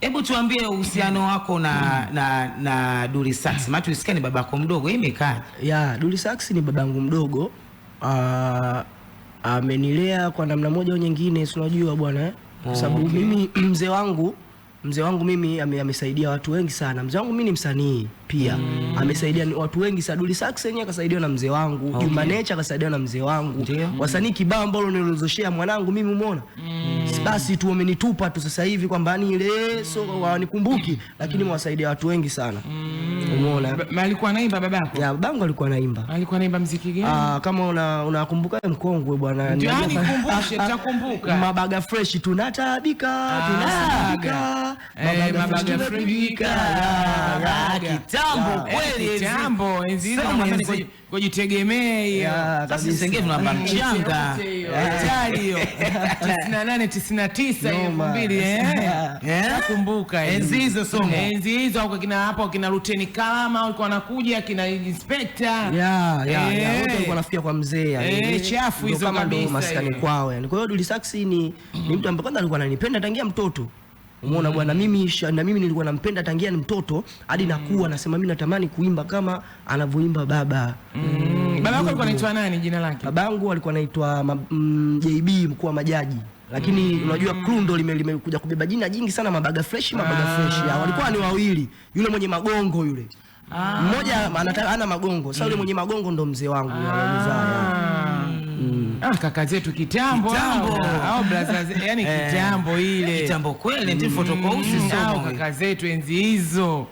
Hebu tuambie uhusiano wako na, mm. na, na Dully Sax. Maana tulisikia ni babako mdogo, imekaje? Yeah, Dully Sax ni babangu mdogo. Ah, amenilea kwa namna moja au nyingine, unajua bwana, eh? oh, kwa sababu okay. mimi mzee wangu mzee wangu mimi amesaidia ame watu wengi sana. Mzee wangu mimi ni msanii pia mm. amesaidia watu wengi sana. Dully Sax yenyewe akasaidiwa na mzee wangu okay. Juma Nature akasaidiwa na mzee wangu wasanii kibao ambao nilizoshea mwanangu mimi umeona mm basi tu wamenitupa tu sasa hivi kwamba ni ile leso wanikumbuki, lakini mwasaidia watu wengi sana. Mm. Umeona, alikuwa naimba babako? Ya babangu alikuwa naimba. Alikuwa naimba muziki gani? Ah, kama una unakumbuka mkongwe bwana, Ndio nikukumbushe, tutakumbuka mabaga fresh, tunatabika, ah, tunaabika eh, mabaga fresh kitambo kweli, kitambo enzi hizo mwanzo kujitegemea. Sasa sengine tunapamba mchanga hatari hiyo 98 99 eh? eh? kumbuka enzi hizo somo, eh. enzi hizo au kina hapo kina Luteni Kalama walikuwa wanakuja kina inspector, yeah yeah eh, wote walikuwa wanafikia kwa mzee yani chafu hizo kama ndo maskani kwao yani. Kwa hiyo Dully Sykes ni ni mtu ambaye kwanza alikuwa ananipenda tangia mtoto Umeona mm. Bwana mimi na mimi nilikuwa nampenda tangia ni mtoto hadi mm. nakuwa nasema mimi natamani kuimba kama anavyoimba baba. Mm mimi. alikuwa anaitwa nani jina lake? Babangu alikuwa anaitwa mm, JB mkuu wa majaji lakini mm. unajua crew ndo limekuja kubeba jina jingi sana mabaga fresh mabaga ah. fresh walikuwa ni wawili yule mwenye magongo yule ah. mmoja anataka ana magongo sasa yule mm. mwenye magongo ndo mzee wangu ah. Mm. Ah, kaka zetu kitambo kitambo au brothers yani eh. kitambo ile kitambo kweli mm. tifotokousi kaka zetu enzi hizo